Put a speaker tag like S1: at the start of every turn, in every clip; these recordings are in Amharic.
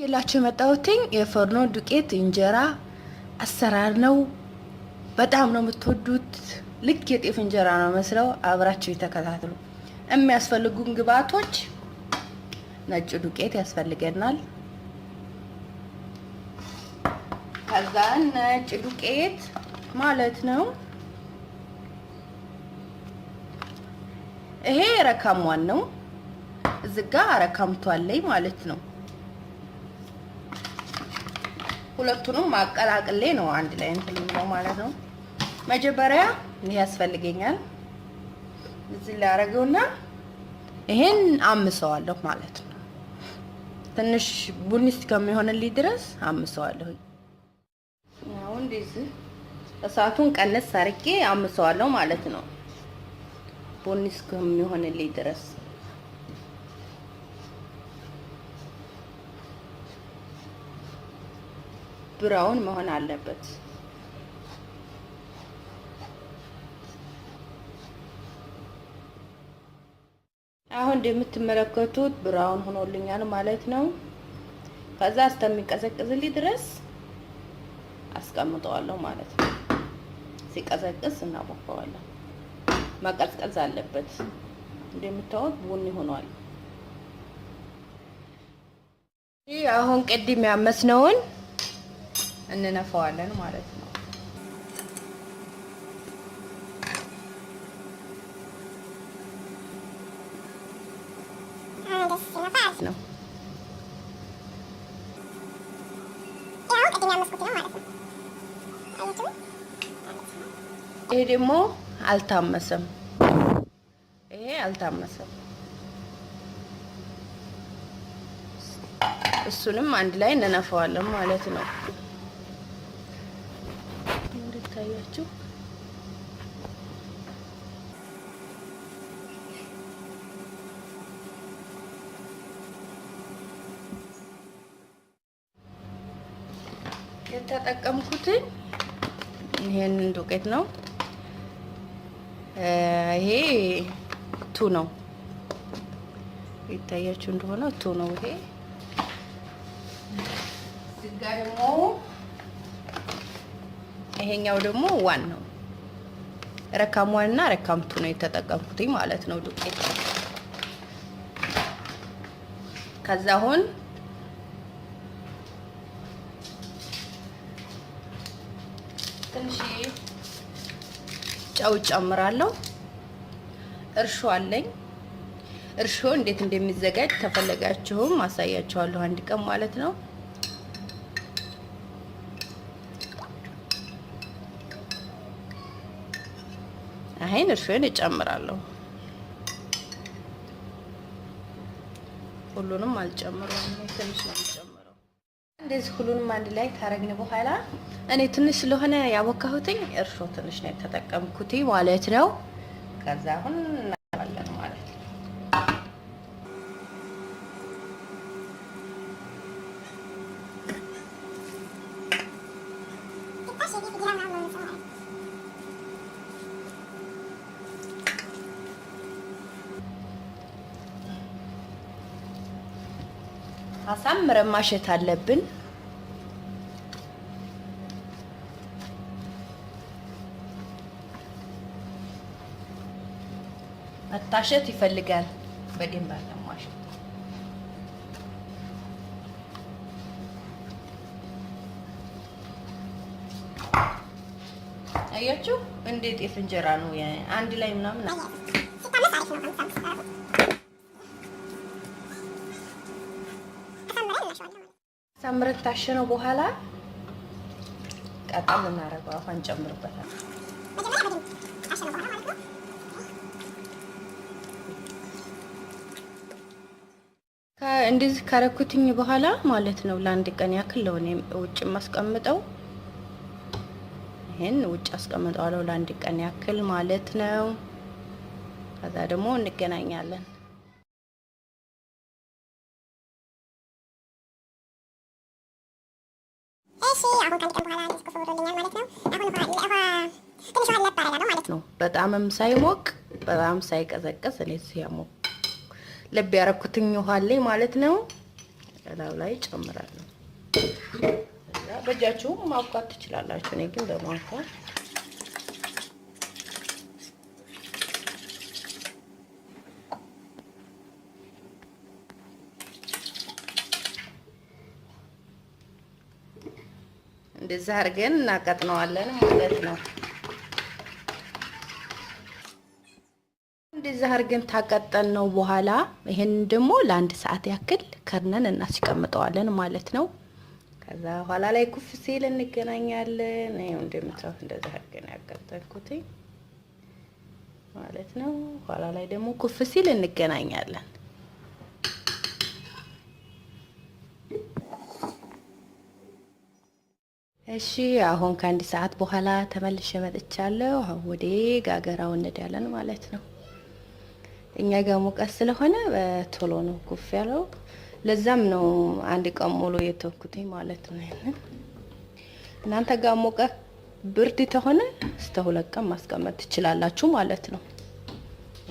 S1: የላችሁ የመጣሁትኝ የፎርኖ ዱቄት እንጀራ አሰራር ነው። በጣም ነው የምትወዱት። ልክ የጤፍ እንጀራ ነው መስለው አብራችሁ የተከታተሉ። የሚያስፈልጉን ግብአቶች ነጭ ዱቄት ያስፈልገናል። ከዛ ነጭ ዱቄት ማለት ነው ይሄ ረካሟን ነው። እዚህ ጋ ረካምቷለኝ ማለት ነው ሁለቱንም ማቀላቅሌ ነው አንድ ላይ እንትን ነው ማለት ነው። መጀመሪያ ይህ ያስፈልገኛል እዚህ ላይ አደርገውና ይሄን አምሰዋለሁ ማለት ነው። ትንሽ ቡኒ እስከሚሆንልኝ ድረስ አምሰዋለሁ። አሁን እንደዚህ እሳቱን ቀነስ አድርጌ አምሰዋለሁ ማለት ነው ቡኒ እስከሚሆንልኝ ድረስ ብራውን መሆን አለበት። አሁን እንደምትመለከቱት ብራውን ሆኖልኛል ማለት ነው። ከዛ እስከሚቀዘቅዝልኝ ድረስ አስቀምጠዋለሁ ማለት ነው። ሲቀዘቅዝ እናቦከዋለን። መቀዝቀዝ አለበት። እንደምታዩት ቡኒ ሆኗል። አሁን ቅድም ያመስነውን እንነፋዋለን ማለት ነው። ይሄ ደግሞ አልታመሰም። ይሄ አልታመሰም። እሱንም አንድ ላይ እንነፋዋለን ማለት ነው። ታያላችሁ። የተጠቀምኩትን ይሄንን ዱቄት ነው። ይሄ ቱ ነው ይታያችሁ እንደሆነ ቱ ነው። ይሄ ደግሞ ይሄኛው ደግሞ ዋን ነው። ረካም ዋን እና ረካም ቱ ነው የተጠቀምኩት ማለት ነው ዱቄት ከዛ አሁን ትንሽ ጨው ጨምራለሁ። እርሾ አለኝ። እርሾ እንዴት እንደሚዘጋጅ ተፈለጋችሁም አሳያችኋለሁ አንድ ቀን ማለት ነው። ፀሐይን እርሾን እጨምራለሁ። ሁሉንም አልጨምረውም፣ ትንሽ ነው እንደዚህ ሁሉንም አንድ ላይ ካረግን በኋላ እኔ ትንሽ ስለሆነ ያቦካሁትኝ እርሾ ትንሽ ነው የተጠቀምኩት ማለት ነው። ከዛ አሁን እናዋለን አሳምረን ማሸት አለብን። መታሸት ይፈልጋል። በደንብ አለ ማሸት አያችሁ፣ እንዴት የፍንጀራ እንጀራ ነው አንድ ላይ ምናምን ሳምረት ታሸነው በኋላ ቀጣም እናደርገው አሁን ጨምርበታል። እንደዚህ ካረኩትኝ በኋላ ማለት ነው ለአንድ ቀን ያክል ለሆነ ውጭ ማስቀምጠው ይሄን ውጭ አስቀምጠዋለሁ ለአንድ ቀን ያክል ማለት ነው። ከዛ ደግሞ እንገናኛለን። እሺ አሁን ከአንድ ቀን በኋላ ዲስኮ ወዶልኛል ማለት ነው። አሁን ውሃ ትንሽ ውሃ ለብ አደርጋለሁ ማለት ነው። በጣምም ሳይሞቅ በጣም ሳይቀዘቅዝ እኔ ሲያሞቅ ለብ ያደረኩትኝ ውሃ አለኝ ማለት ነው። እላው ላይ ጨምራለሁ። በእጃችሁም ማብኳት ትችላላችሁ። እኔ ግን በማንኳት እንደዛ አድርገን እናቀጥነዋለን ማለት ነው። እንደዛ አድርገን ነው በኋላ ይሄን ደግሞ ለአንድ ሰዓት ያክል ከርነን እናስቀምጠዋለን ማለት ነው። ከዛ በኋላ ላይ ኩፍ ሲል እንገናኛለን። ይኸው እንደምታዩት እንደዛ አድርገን ያቀጠልኩት ማለት ነው። ኋላ ላይ ደግሞ ኩፍ ሲል እንገናኛለን። እሺ አሁን ከአንድ ሰዓት በኋላ ተመልሼ መጥቻለሁ። አሁን ወደ ጋገራው እንዳለን ማለት ነው። እኛ ጋር ሙቀት ስለሆነ ቶሎ ነው ኩፍ ያለው። ለዛም ነው አንድ ቀን ሙሉ የተወኩትኝ ማለት ነው። ይሄንን እናንተ ጋር ሙቀት ብርድ ተሆነ እስከ ሁለት ቀን ማስቀመጥ ትችላላችሁ ማለት ነው።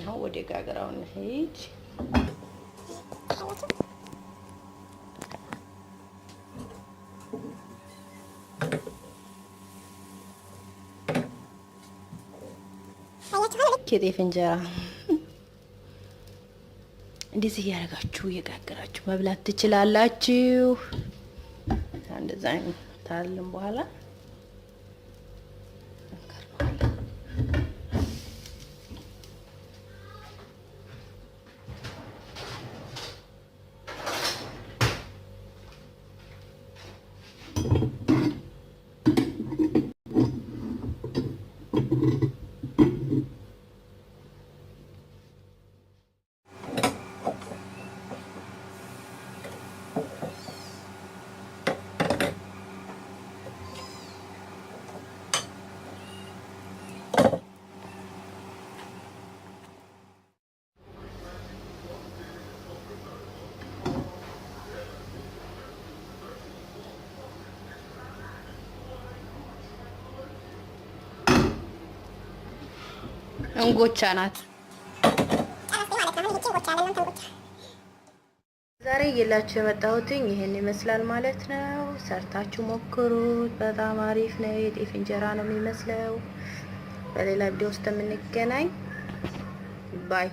S1: አሁን ወደ ጋገራው እንሂድ። ልክ የጤፍ እንጀራ እንደዚህ እያደረጋችሁ እየጋገራችሁ መብላት ትችላላችሁ። እንደዛ ታልን በኋላ እንጎቻ ናት። ዛሬ እየላችሁ የመጣሁትኝ ይህን ይመስላል ማለት ነው። ሰርታችሁ ሞክሩት። በጣም አሪፍ ነው። የጤፍ እንጀራ ነው የሚመስለው። በሌላ ቪዲዮ ውስጥ የምንገናኝ ባይ